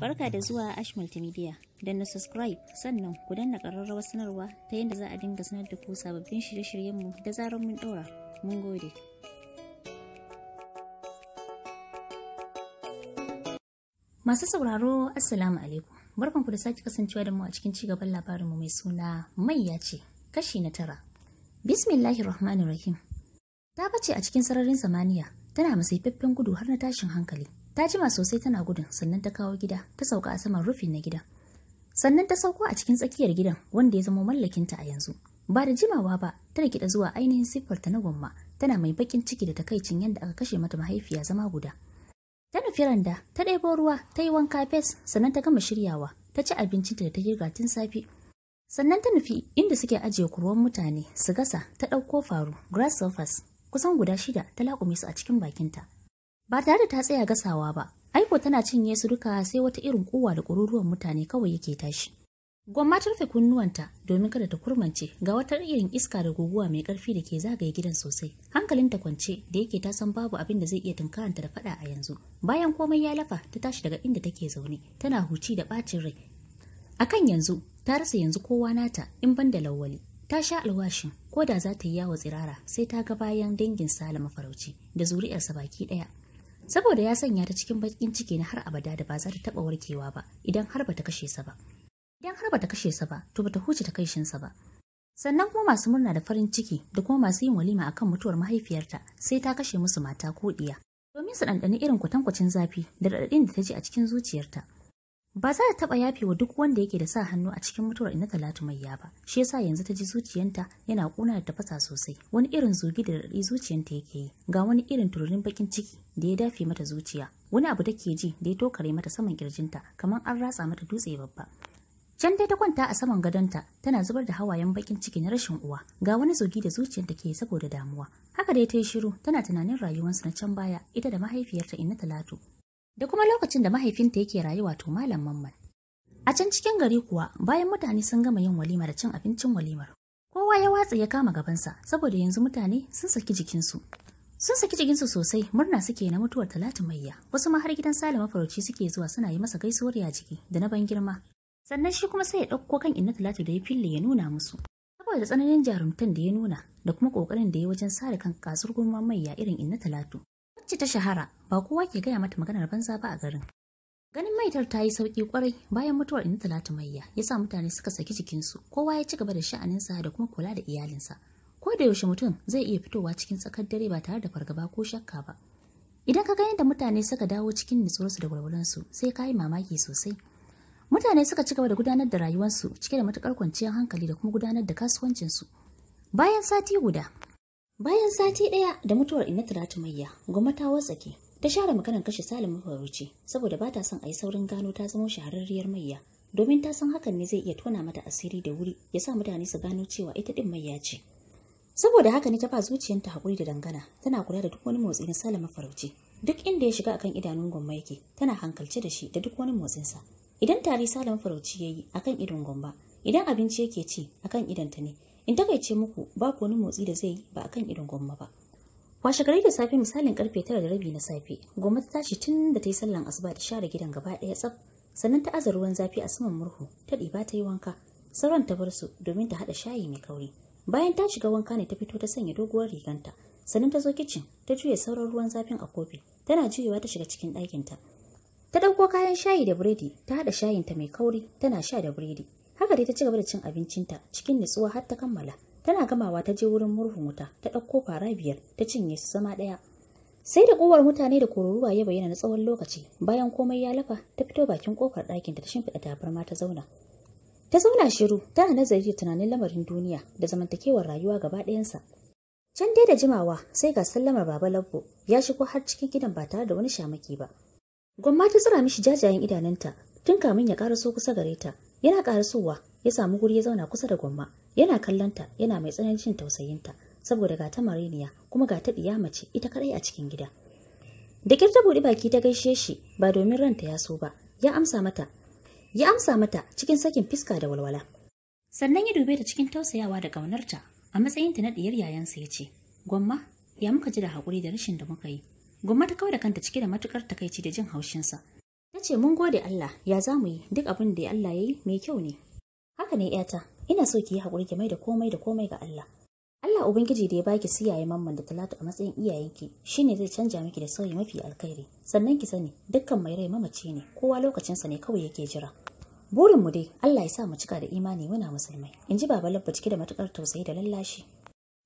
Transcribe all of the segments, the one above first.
Barka da zuwa Ash Multimedia. Don na subscribe sannan ku danna ƙararrawar sanarwa ta yadda za a dinga sanar da ku sababbin shirye-shiryenmu da zarar mun ɗora. Mun gode. Masu sauraro, Assalamu alaikum. Barkanku da sake kasancewa da mu a cikin cigaban labarinmu mai suna mai ya ce, kashi na tara. Rahmanir Rahim. Ta bace a cikin sararin samaniya, tana masaifaffen gudu har na tashin hankali. ta jima sosai tana gudun sannan ta kawo gida ta sauka a saman rufin na gidan sannan ta sauko a cikin tsakiyar gidan wanda ya zama mallakinta a yanzu ba da jimawa ba ta rikida zuwa ainihin siffarta na gwamma tana mai bakin ciki da takaicin yadda aka kashe mata mahaifiya zama guda ta nufi randa ta ɗebo ruwa ta yi wanka fes sannan ta gama shiryawa ta ci abincinta da ta girga tun safe sannan ta nufi inda suke ajiye kurwan mutane su gasa ta ɗauko faru grasshoppers kusan guda shida ta laƙume su a cikin bakinta ba tare da ta tsaya gasawa ba aiko tana cinye su duka sai wata irin kuwa da kururuwan mutane kawai yake tashi gwamma ta rufe kunnuwanta domin kada ta kurmance ga wata irin iska da guguwa mai karfi da ke zagaye gidan sosai Hankalin ta kwance da yake ta san babu abin da zai iya tunkaranta da faɗa a yanzu bayan komai ya lafa ta tashi daga inda take zaune tana huci da bacin rai akan yanzu ta rasa yanzu kowa nata in ban da lawwali ta sha alwashin ko da za ta yi yawo tsirara sai ta ga bayan dangin salama farauci da zuri'arsa baki ɗaya. saboda ya sanya ta cikin bakin ciki na har abada da ba za ta taba warkewa ba idan har bata kashe sa ba idan har bata kashe sa ba to bata huce ta kai sa ba sannan kuma masu murna da farin ciki da kuma masu yin walima akan mutuwar mahaifiyarta sai ta kashe musu mata ko diya domin su ɗanɗani irin kwatankwacin zafi da raɗaɗin da ta ji a cikin zuciyarta Ba za ta taɓa yafe wa duk wanda yake da sa hannu a cikin mutuwar ina talatu mai ba. Shi yasa yanzu ta ji zuciyanta yana kuna da tafasa sosai. Wani irin zugi da dadi zuciyanta yake yi. Ga wani irin tururin bakin ciki da ya dafe mata zuciya. Wani abu take ji da ya tokare mata saman kirjinta kamar an ratsa mata dutse babba. Can dai ta kwanta a saman gadonta tana zubar da hawayen bakin ciki na rashin uwa. Ga wani zugi da zuciyanta ke saboda damuwa. Haka dai ta yi shiru tana tunanin rayuwarsa na can baya ita da mahaifiyarta Inna talatu da kuma lokacin da mahaifinta yake rayuwa to malam mamman. A can cikin gari kuwa bayan mutane sun gama yin walima da cin abincin walimar. Kowa ya watsa ya kama gabansa saboda yanzu mutane sun saki jikinsu. Sun saki jikinsu sosai murna suke na mutuwar Talatu Maiya wasu ma har gidan Sale mafarauci suke zuwa suna yi masa gaisuwar ya jiki da na ban girma. Sannan shi kuma sai ya ɗauko kan inna Talatu da ya fille ya nuna musu. Saboda tsananin jarumtan da ya nuna da kuma ƙoƙarin da ya wajen sare kan kasurgun gurman maiya irin inna Talatu. wacce ta shahara ba kowa ke gaya mata maganar banza ba a garin. Ganin maitar ta yi sauƙi kwarai bayan mutuwar in Talatu Mayya ya sa mutane suka saki jikinsu kowa ya ci gaba da sha'aninsa da kuma kula da iyalinsa. Ko da yaushe mutum zai iya fitowa cikin tsakar dare ba tare da fargaba ko shakka ba. Idan ka ga yadda mutane suka dawo cikin nutsuwarsu da walwalansu sai ka yi mamaki sosai. Mutane suka ci gaba da gudanar da rayuwarsu cike da matukar kwanciyar hankali da kuma gudanar da kasuwancinsu. Bayan sati guda, Bayan sati ɗaya da mutuwar Inna Mayya, gwamma ta watsake, ta share maganar kashe Salim mafarauci saboda ba ta son a yi saurin gano ta zama shahararriyar mayya, domin ta san hakan ne zai iya tona mata asiri da wuri ya sa mutane su gano cewa ita ɗin mayya ce. Saboda haka ne ta ba zuciyarta haƙuri da dangana, tana kula da duk wani motsi na Salim Mafaruci. Duk inda ya shiga akan idanun gwamma yake, tana hankalce da shi da duk wani motsinsa. Idan tari Salim mafarauci ya yi akan idon gwamma, idan abinci yake ci akan idonta ne, in takaice muku babu wani motsi da zai yi ba akan irin gwamma ba washe gari da safe misalin karfe tara da rabi na safe gwamma ta tashi tun da ta yi sallan asuba ta share gidan gaba ɗaya tsaf sannan ta aza ruwan zafi a saman murhu ta diba ta yi wanka sauran ta bar su domin ta haɗa shayi mai kauri bayan ta shiga wanka ne ta fito ta sanya doguwar riganta sannan ta zo kicin ta juya sauran ruwan zafin a kofi tana juyewa ta shiga cikin ɗakinta ta ɗauko kayan shayi da biredi ta haɗa ta mai kauri tana sha da biredi Haka dai ta ci gaba da cin abincinta cikin nutsuwa har ta kammala. Tana gamawa ta je wurin murhun wuta ta ɗauko fara biyar ta cinye su zama ɗaya. Sai da kowar mutane da kororuwa ya bayyana na tsawon lokaci bayan komai ya lafa ta fito bakin kofar ɗakinta ta shimfiɗa tabarma ta zauna. Ta zauna shiru tana nazari da tunanin lamarin duniya da zamantakewar rayuwa gaba ɗayansa. Can dai da jimawa sai ga sallamar Baba Labbo ya shigo har cikin gidan ba tare da wani shamaki ba. Gwamma ta tsira mishi jajayen idanunta tun kamin ya karaso kusa gare ta yana karasowa ya samu guri ya zauna kusa da gwamma yana kallonta yana mai tsananin tausayinta saboda ga ta mareniya kuma ga ta mace ita kadai a cikin gida da kirta buɗe baki ta gaishe shi ba domin ranta ya so ba ya amsa mata ya amsa mata cikin sakin fiska da walwala sannan ya dube ta cikin tausayawa da ƙaunarta a matsayin matsayinta na diyar yayansa ya ce gwamma ya muka ji da hakuri da rashin da muka yi gwamma ta kawo da kanta cike da matukar takaici da jin haushinsa ce mun gode Allah ya za mu yi duk abin da Allah ya yi mai kyau ne. Haka ne ‘yata, ina so ki yi haƙuri ki mai da komai da komai ga Allah. Allah Ubangiji da ya baki siyaye mamman da talatu a matsayin shi ne zai canja miki da sauyi mafi alkhairi. Sannan ki sani dukkan mai rai mamaci ne kowa lokacinsa ne kawai yake jira. Burin mu dai Allah ya sa mu cika da imani muna musulmai. In ji Baba Labba cike da matukar tausayi da lallashi.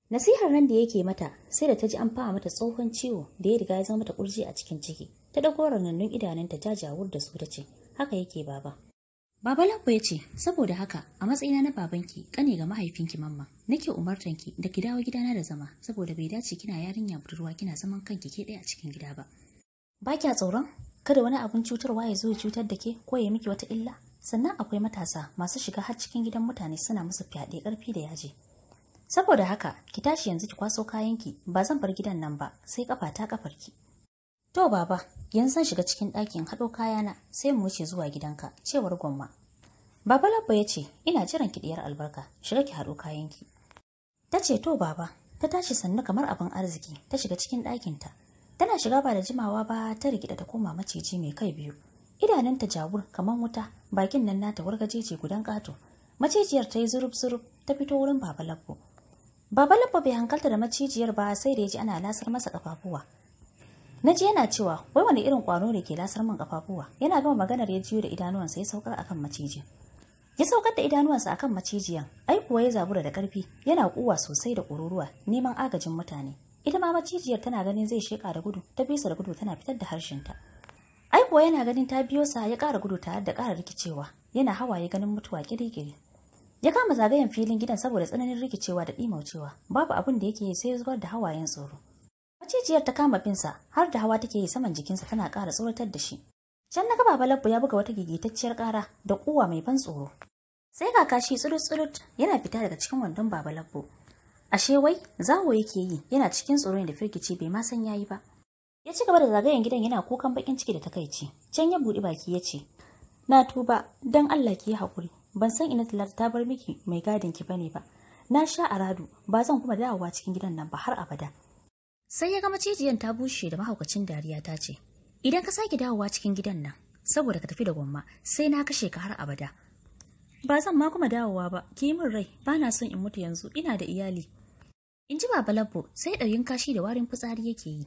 Nasihar nan da yake mata sai da ta ji an fa'a mata tsohon ciwo da ya riga ya zama mata kurji a cikin ciki. ta ɗauko ranannun idanunta jajawur da su ta ce haka yake baba Baba Labo ya ce, saboda haka a matsayina na babanki kane ga mahaifinki mamma, nake umartanki da ki dawo gidana da zama saboda bai dace kina yarinya budurwa kina zaman kanki ke ɗaya a cikin gida ba. Ba kya tsoron kada wani abun cutarwa ya zo ya cutar da ke ko ya miki wata illa? Sannan akwai matasa masu shiga har cikin gidan mutane suna musu fyaɗe ƙarfi da yaji. Saboda haka ki tashi yanzu ki kwaso kayanki ba zan bar gidan nan ba sai kafa ta kafarki. To baba, yanzu zan shiga cikin ɗakin haɗo kayana sai mu wuce zuwa gidanka, cewar gwamma. Baba Labba ya ce, ina jiran ki ɗiyar albarka, shiga ki haɗo kayanki. Ta ce, to baba, ta tashi sannu kamar abin arziki, ta shiga cikin ɗakinta. Tana shiga ba da jimawa ba ta rigida ta koma maciji mai kai biyu. Idanunta jawur kamar wuta, bakin nan nata wargajeje gudan ƙato. Macijiyar ta yi zurub-zurub ta fito wurin Baba Labbo. Baba Labbo bai hankalta da macijiyar ba sai da ya ji ana lasar masa ƙafafuwa. naji yana cewa wai wani irin kwano ne ke lasar man kafafuwa yana gama maganar ya jiyo da idanuwansa ya saukar akan macijin ya saukar da idanuwansa akan macijiyan ai kuwa ya zabura da karfi yana kuwa sosai da kururuwa neman agajin mutane ita ma macijiyar tana ganin zai sheka da gudu ta bisa da gudu tana fitar da harshenta ai kuwa yana ganin ta biyo sa ya kara gudu tare da kara rikicewa yana hawaye ganin mutuwa kirikiri ya kama zagayen filin gidan saboda tsananin rikicewa da ɗimaucewa babu abin da yake sai zubar da hawayen tsoro Jijiyar ta kama binsa har da hawa take yi saman jikinsa tana ƙara tsoratar da shi. Can na gaba Balabbu ya buga wata gigitacciyar ƙara da kuwa mai ban tsoro. Sai kaka shi tsurut-tsurut yana fita daga cikin wandon Baba Labbo. Ashe wai zawo yake yi yana cikin tsoro da firgici bai ma san yayi ba. Ya ci gaba da zagayen gidan yana kukan bakin ciki da takaici. Can ya buɗe baki ya ce, Na tuba, don Allah ki yi haƙuri, ban san ina talata ta bar miki mai gadin ki bane ba. Na sha aradu, ba zan kuma dawowa cikin gidan nan ba har abada. Sai ya ga macijiyan ta bushe da mahaukacin dariya ta ce, Idan ka sake dawowa cikin gidan nan, saboda ka tafi da gwamma, sai na kashe ka har abada. Ba zan ma kuma dawowa ba, ki yi min rai, ba na son in mutu yanzu, ina da iyali. In ji Baba Labbo, sai ɗauyin kashi da warin fitsari yake yi.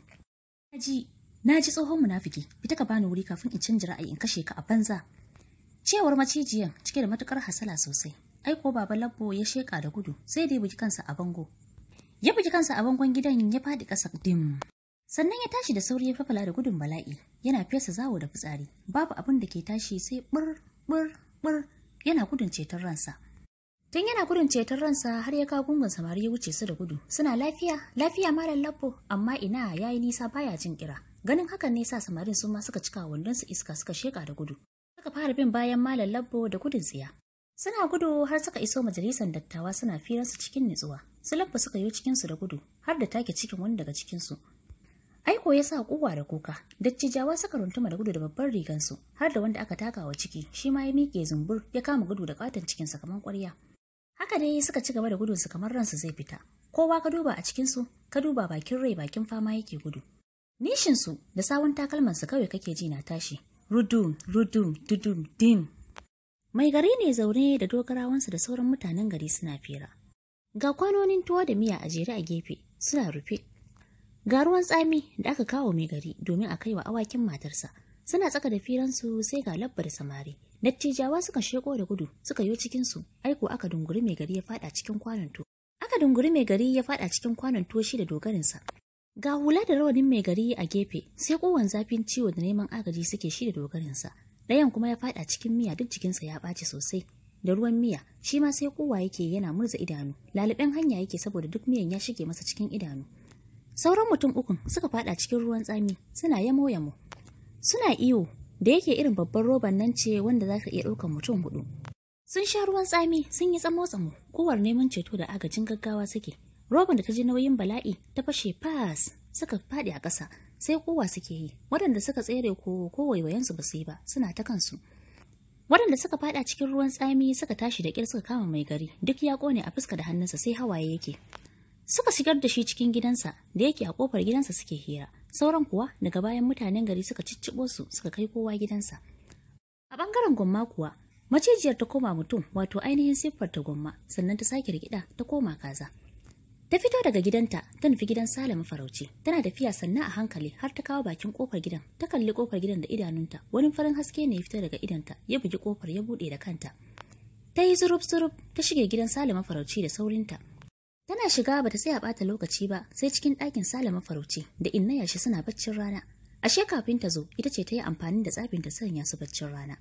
Na ji, na ji tsohon munafiki, fita ka bani wuri kafin in canji ra'ayi in kashe ka a banza. Cewar macijiyan cike da matukar hasala sosai. Aiko Baba Labbo ya sheka da gudu, sai dai bugi kansa a bango, Ya buji kansa a bangon gidan ya faɗi ƙasa dim. Sannan ya tashi da sauri ya fafala da gudun bala'i, yana fesa zawo da fitsari, babu abin da ke tashi sai bur bur bur yana gudun ceton ransa. Tun yana gudun ceton ransa har ya kawo gungun samari ya wuce su da gudu. Suna lafiya, lafiya malam labbo, amma ina ya yi nisa baya jin kira. Ganin hakan ne sa samarin su ma suka cika wandon su iska suka sheka da gudu. Suka fara bin bayan malam labbo da gudun tsiya. Suna gudu har suka iso majalisar dattawa suna firar cikin nutsuwa. su labba suka yi cikinsu da gudu har da take cikin wani daga cikinsu aiko ya sa kuwa da kuka dattijawa suka runtuma da gudu da babban rigansu har da wanda aka taka wa ciki shi ma ya miƙe zumbur ya kama gudu da ƙaton cikinsa kamar ƙwarya haka dai suka ci gaba da gudunsu kamar ransu zai fita kowa ka duba a cikinsu ka duba bakin rai bakin fama yake gudu nishinsu da sawun su kawai kake ji na tashi rudum rudum dudum dim mai gari ne zaune da dogarawansa da sauran mutanen gari suna fira Ga kwanonin tuwo da miya a jere a gefe suna rufe. Ga ruwan tsami da aka kawo mai gari domin a kai wa awakin matarsa. Suna tsaka da firansu sai ga labbar samari. Dattijawa suka sheko da gudu suka yo cikinsu aiko aka dunguri mai gari ya fada cikin kwanon tuwo. Aka dunguri mai gari ya fada cikin kwanon tuwo shi da dogarinsa. Ga hula da rawanin mai gari a gefe sai kowan zafin ciwo da neman agaji suke shi da dogarinsa. Dayan kuma ya fada cikin miya duk jikinsa ya ɓaci sosai. da ruwan miya shi ma sai kowa yake yana murza idanu laliben hanya yake saboda duk miyan ya shige masa cikin idanu sauran mutum ukun suka fada cikin ruwan tsami suna yamo yamo suna iyo da yake irin babban roban nan ce wanda za iya ɗaukan mutum hudu sun sha ruwan tsami sun yi tsamo tsamo kowar neman ceto da agajin gaggawa suke roban da ta ji nauyin bala'i ta fashe fas suka faɗi a ƙasa sai kowa suke yi waɗanda suka tsere ko waiwayensu ba su yi ba suna ta kansu waɗanda suka faɗa cikin ruwan tsami suka tashi da ƙir suka kama mai gari duk ya ƙone a fuska da hannunsa sai hawaye yake suka shigar da shi cikin gidansa da yake a ƙofar gidansa suke hira sauran kuwa daga bayan mutanen gari suka cicciɓo su suka kai kowa gidansa a ɓangaren gwamma kuwa macijiyar ta koma mutum wato ainihin siffar ta gwamma sannan ta sake rikida ta koma kaza Ta fito daga gidanta ta nufi gidan Sale mafarauci. Tana tafiya sannan a hankali har ta kawo bakin kofar gidan. Ta kalli kofar gidan da idanunta. Wani farin haske ne ya fito daga idanta ya bugi kofar ya bude da kanta. Ta yi zurub zurub ta shige gidan Sale mafarauci da saurinta. Tana shiga bata tsaya bata lokaci ba sai cikin ɗakin Sale mafarauci da inna yashi suna baccin rana. Ashe kafin ta zo ita ce ta yi amfani da tsafin ta sanya su baccin rana.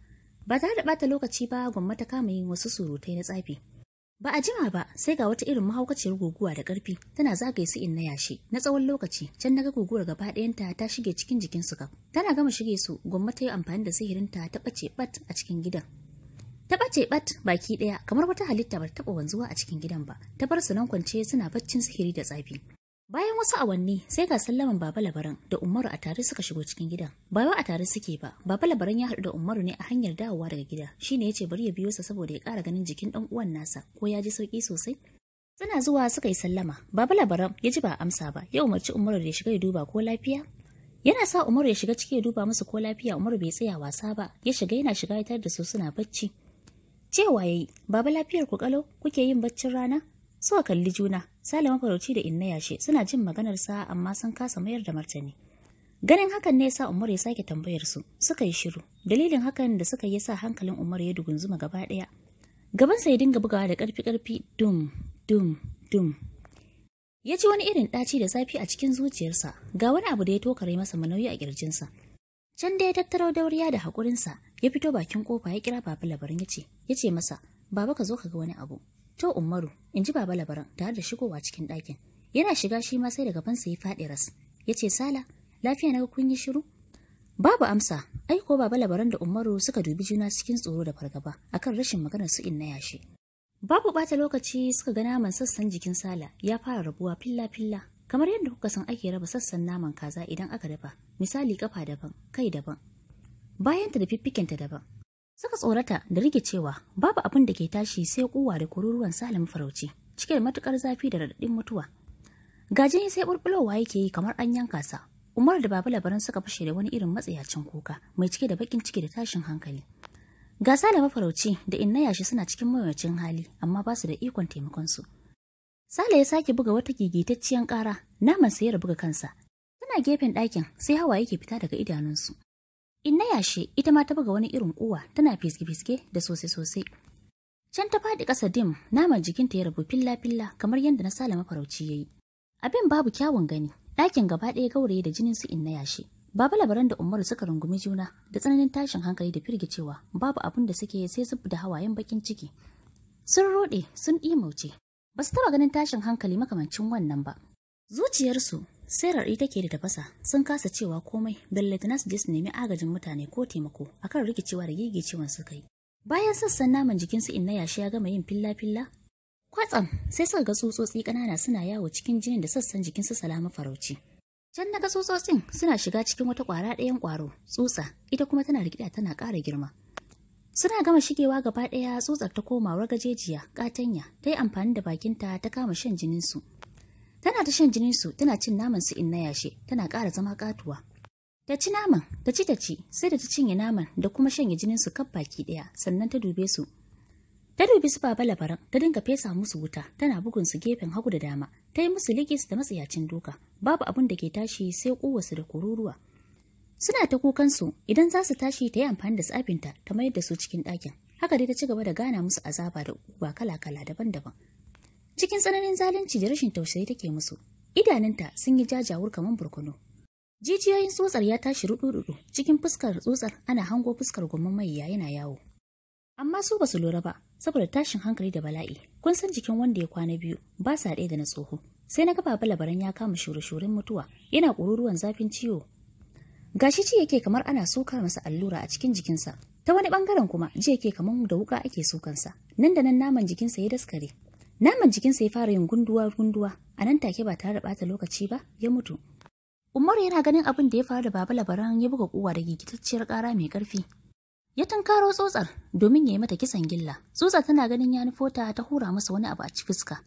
Ba tare da bata lokaci ba gwamma ta kama yin wasu surutai na tsafi. Ba a jima ba sai ga wata irin mahaukaciyar guguwa da ƙarfi tana zagaye su in na yashi na tsawon lokaci can naga guguwar gaba ɗayanta ta shige cikin jikin su Tana gama shige su gwamma ta yi amfani da sihirinta ta ɓace ɓat a cikin gidan. Ta ɓace ɓat baki ɗaya kamar wata halitta ba ta taɓa wanzuwa a cikin gidan ba ta bar su nan kwance suna baccin sihiri da tsafi. Bayan wasu awanni sai ga sallaman Baba Labaran da Umaru a tare suka shigo cikin gidan. Ba a tare suke ba, Baba Labaran ya haɗu da Umaru ne a hanyar dawowa daga gida. Shi ne ya ce bari ya biyo sa saboda ya ƙara ganin jikin ɗan uwan nasa ko ya ji sauƙi sosai. Suna zuwa suka yi sallama, Baba Labaran ya ji ba amsa ba, ya umarci Umaru da ya shiga ya duba ko lafiya. Yana sa Umaru ya shiga ciki ya duba musu ko lafiya Umaru bai tsaya wasa ba, ya shiga yana shiga ya da su suna bacci. Cewa yayi, Baba lafiyar ku kalo, kuke yin baccin rana? Suka kalli juna, Sale mafarauci da inna yashe suna jin maganar sa amma sun kasa mayar da martani. Ganin hakan ne sa Umar ya sake tambayar su, suka yi shiru. Dalilin hakan da suka yi sa hankalin Umar ya dugunzuma gaba ɗaya. sa ya dinga bugawa da ƙarfi-ƙarfi dum dum dum. Ya ji wani irin ɗaci da zafi a cikin zuciyarsa, ga wani abu da ya tokare masa manauyi a ƙirjinsa. Can da ya tattaro dauriya da haƙurinsa, ya fito bakin ƙofa ya kira babu labarin ya ce, ya ce masa, Baba ka zo ka ga wani abu. To Umaru, in ji baba labaran tare da shigowa cikin ɗakin. Yana shiga shi ma sai da sa ya faɗi ras. Ya ce Sala, lafiya na kun yi shiru? Babu amsa, aiko baba labaran da Umaru suka dubi juna cikin tsoro da fargaba akan rashin maganar su in na yashi. Babu ɓata lokaci suka ga naman sassan jikin Sala ya fara rabuwa filla-filla. Kamar yadda kuka san ake raba sassan naman kaza idan aka dafa, misali kafa daban, kai daban, bayanta da fiffikenta daban Suka tsorata da rike cewa babu abin da ke tashi sai kuwa da kururuwan Salim farauci cike da matukar zafi da radadin mutuwa. Gajini sai burbulowa yake yi kamar an yanka sa. Umar da Baba Labaran suka fashe da wani irin matsayacin kuka mai cike da bakin ciki da tashin hankali. Ga Salim farauci da inna yashi suna cikin mawuyacin hali amma ba su da ikon taimakon su. Sale ya sake buga wata gigitacciyar ƙara, naman sayar buga kansa. Suna gefen ɗakin sai hawa yake fita daga idanunsu. In na yashe ita ma ta buga wani irin uwa tana fiske-fiske da sosai-sosai. Can ta faɗi ƙasa dim naman jikinta ya rabu filla-filla kamar yadda na sala mafarauci ya yi. Abin babu kyawun gani, ɗakin gaba ɗaya gauraye da jinin su in na yashe. Baba labaran da Umaru suka rungumi juna da tsananin tashin hankali da firgicewa babu abin da suke sai zub da hawayen bakin ciki. Sun roɗe sun ɗimauce, ba su taɓa ganin tashin hankali makamancin wannan ba. Zuciyarsu sai ita ke da tafasa sun kasa cewa komai belletana su je su nemi agajin mutane ko taimako a kan rikicewa da gigicewan suka yi bayan sassan naman jikinsu inna yashi ya gama yin filla-filla kwatsam sai suka ga tsutsotsi ƙanana suna yawo cikin jinin da sassan jikinsu salama farauci can na ga tsutsotsin suna shiga cikin wata ƙwara ɗayan ƙwaro tsutsa ita kuma tana rikida tana ƙara girma suna gama shigewa gaba ɗaya tsutsar ta koma gajejiya ƙatanya ta yi amfani da bakinta ta kama shan jininsu Tana ta shan jinin su, tana cin naman su in na yashe, tana ƙara zama katuwa. Ta ci naman, ta ci ta ci, sai da ta cinye naman da kuma shanye jinin su kan baki ɗaya, sannan ta dube su. Ta dubi su baba labaran, ta dinga fesa musu wuta, tana bugun su gefen hagu da dama, ta yi musu ligis da matsiyacin duka, babu abin da ke tashi sai kowasu da kururuwa. Suna ta kukansu idan za su tashi ta yi amfani da tsafinta ta mayar da su cikin ɗakin. Haka dai ta ci gaba da gana musu azaba da uba kala-kala daban-daban. Cikin tsananin zalunci da rashin tausayi take musu, idanunta sun yi jajawur kamar burkuno. Jijiyoyin tsotsar ya tashi ruɗuɗuɗu cikin fuskar tsotsar ana hango fuskar gomman mai yana yawo. Amma su basu lura ba, saboda tashin hankali da bala'i, kun san jikin wanda ya kwana biyu ba sa ɗaya da na tsoho. Sai na gaba balabaran ya kama shure-shuren mutuwa yana kururuwan zafin ciwo. Gashi ci yake kamar ana sokar masa allura a cikin jikinsa, ta wani bangaren kuma ji yake kamar da wuka ake sukansa nan da nan naman jikinsa ya daskare Naman jikinsa ya fara yin gunduwa-gunduwa, a nan take ba tare da bata lokaci ba, ya mutu. Umar yana ganin abin da ya faru da Baba Labaran ya buga kuwa da gigitacciyar kara mai karfi. Ya tunkaro tsotsar domin ya yi mata kisan gilla. Tsotsar tana ganin ya nufo ta ta hura masa wani abu a ci fuska.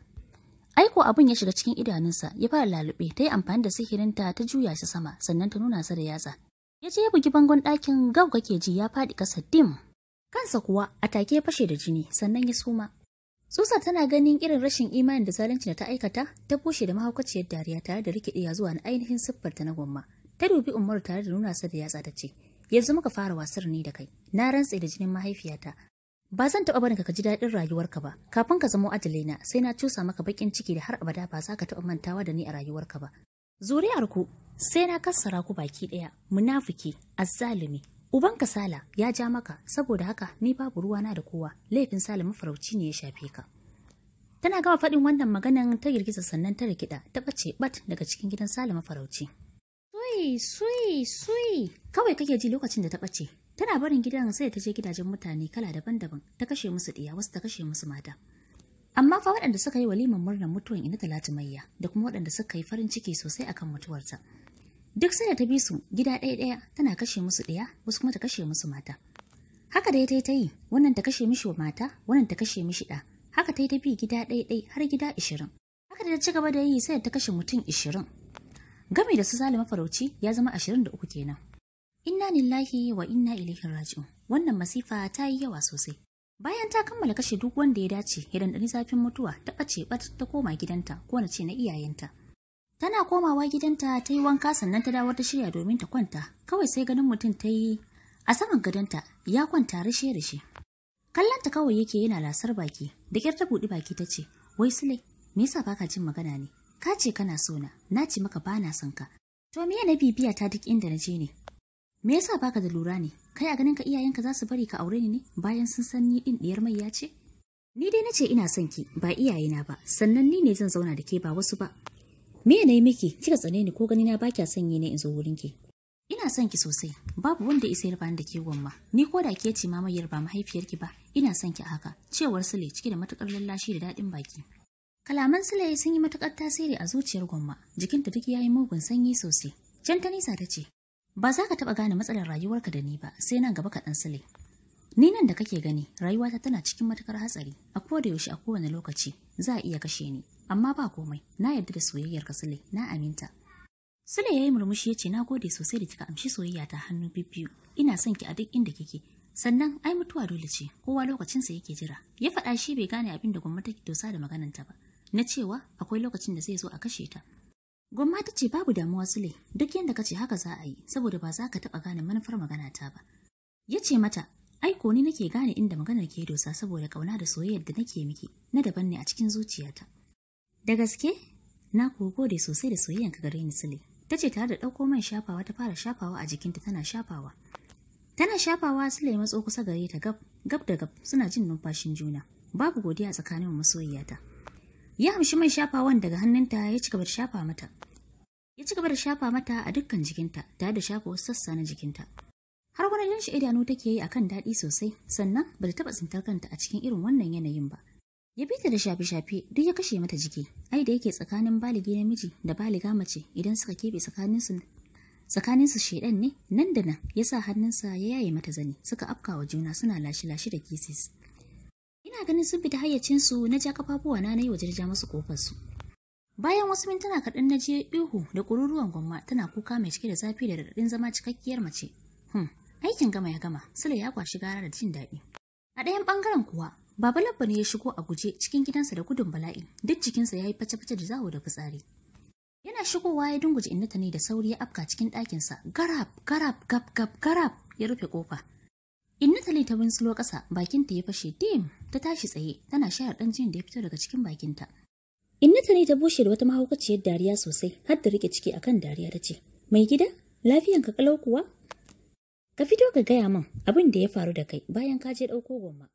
Aiko abin ya shiga cikin idanunsa, ya fara lalube, ta yi amfani da sihirinta ta juya shi sama, sannan ta nuna sa da yatsa. Ya je ya bugi bangon ɗakin gau kake ji ya faɗi ƙasa dim. Kansa kuwa a take ya fashe da jini, sannan ya suma. Susa tana ganin irin rashin imanin da zalunci da ta aikata, ta bushe da mahaukaciyar dariya tare da ya zuwa na ainihin siffarta na gwamma. Ta dubi Umaru tare da nuna sa da yatsa ta ce, "Yanzu muka fara wasar ni da kai. Na rantse da jinin mahaifiyata. Ba zan taɓa barinka ka ji daɗin rayuwarka ba. Kafin ka zamo na, sai na cusa maka baƙin ciki da har abada ba za ka taɓa mantawa da ni a rayuwarka ba. Zuriyarku sai na kassara ku baki ɗaya, munafiki, azzalumi, Uban kasala ya ja maka saboda haka ni babu ruwa na da kowa laifin Sala mafarauci ne ya shafe ka. Tana gama faɗin wannan maganan ta girgiza sannan ta rikida ta ɓace bat daga cikin gidan Sala mafarauci. Sui sui sui kawai kake ji lokacin da ta ɓace tana barin gidan sai ta je gidajen mutane kala daban-daban ta kashe musu ɗiya wasu ta kashe musu mata. Amma fa waɗanda suka yi waliman murnar mutuwan ina talatu mayya da kuma waɗanda suka yi farin ciki sosai akan mutuwarta. Duk sai da ta bi su gida ɗaya ɗaya tana kashe musu ɗaya wasu kuma ta kashe musu mata. Haka dai ta yi ta yi wannan ta kashe mishi mata wannan ta kashe mishi ɗa. Haka ta yi ta bi gida ɗaya ɗaya har gida ishirin. Haka da ta ci gaba da yi sai ta kashe mutum ishirin. Gami da su zali mafarauci ya zama ashirin da uku kenan. Inna lillahi wa inna ilaihi raji'un. Wannan masifa ta yi yawa sosai. Bayan ta kammala kashe duk wanda ya dace, ya dandani zafin mutuwa ta ɓace ɓat ta koma gidanta ko na ce na iyayenta. Tana komawa gidanta ta yi wanka sannan ta dawo ta shirya domin ta kwanta. Kawai sai ganin mutum ta yi a saman gadonta ya kwanta rashe rishe. ta kawai yake yana lasar baki, da kyar ta buɗi baki ta ce, Wai Sule, me yasa baka jin magana ne? Ka ce kana so na, na ce maka ba na son ka. To me na bibiya ta duk inda na je ne? Me yasa baka da lura ne? Kai a ganin ka iyayenka za su bari ka aure ni ne bayan sun san ni ɗin, ɗiyar mai ya ce? Ni dai na ce ina son ki, ba iyayena ba, sannan ni ne zan zauna da ke ba wasu ba, Me ne miki? Kika tsane ni ko gani na ba kya sanye ne in zo wurin ki. Ina son ki sosai. Babu wanda isa yarba da ke gwamma. Ni ko da ke ce mama yarba ki ba, ina son ki haka. Cewar Sule cike da matukar lallashi da daɗin baki. Kalaman Sule sun yi matukar tasiri a zuciyar gwamma. Jikinta duk yayi mugun sanyi sosai. Can ta nisa ta ce, Ba za ka taɓa gane matsalar rayuwarka da ni ba, sai nan gaba kaɗan Sule. Ni nan da kake gani, rayuwata tana cikin matukar hatsari. A koda yaushe a kowane lokaci za a iya kashe ni. amma ba komai na yarda da soyayyar ka Sule na aminta Sule yayi murmushi ya ce na gode sosai da kika amshi soyayya ta hannu biyu-biyu ina son ki a duk inda kike sannan ai mutuwa dole ce kowa lokacin sa yake jira ya faɗa shi bai gane abin da gwamnati ke dosa da ta ba na cewa akwai lokacin da zai zo a kashe ta ta ce babu damuwa Sule duk yanda ce haka za a yi saboda ba za ka taɓa gane manufar magana ta ba ya ce mata aiko ni nake gane inda maganar ke dosa saboda kauna da soyayyar da nake miki na daban ne a cikin zuciyata Da gaske? Na kuwa gode sosai da soyayyanka gare ni Sule. Ta ce tare da ɗauko man shafawa ta fara shafawa a jikinta tana shafawa. Tana shafawa sile ya matso kusa gare ta gab, gab da gab suna jin numfashin juna. Babu godiya tsakanin masoyiyata. Ya amshi man shafawan daga hannunta ya ci gaba da shafa mata. Ya ci gaba da shafa mata a dukkan jikinta tare da shafa wasu sassa na jikinta. Har wani shi idanu take yi akan daɗi sosai sannan ba ta taɓa tsintar kanta a cikin irin wannan yanayin ba. ya bita da shafe-shafe duk ya kashe mata jiki ai da yake tsakanin baligi namiji da baliga mace idan suka su tsakaninsu su shedan ne nan da nan ya sa hannunsa ya yaye mata zani suka afka wa juna suna lashe-lashe da kisis ina ganin sun fita su na ja kafafuwa na yi wajen ja musu kofarsu bayan wasu mintuna kaɗan na je ihu da ƙururuwan gwamma tana kuka mai cike da zafi da raɗaɗin zama cikakkiyar mace hmm. aikin gama ya gama sule ya kwashi gara da jin daɗi a ɗayan ɓangaren kuwa Baba Labba ne ya shigo a guje cikin gidansa da gudun bala'i, duk jikinsa ya yi face-face da zawo da fitsari. Yana shigowa ya dunguje innata ne da sauri ya afka cikin ɗakinsa, garab, garab, gab, gab, garab ya rufe ƙofa. Innata ne ta winsilo ƙasa, bakinta ya fashe dim, ta tashi tsaye, tana shayar ɗan jin da ya fito daga cikin bakinta. Innata ne ta bushe da wata mahaukaciyar dariya sosai, har da rike ciki akan dariya ta ce, Mai gida, lafiyanka kalau kuwa? Ka fito ka gaya min abin da ya faru da kai bayan ka je ɗauko gomma.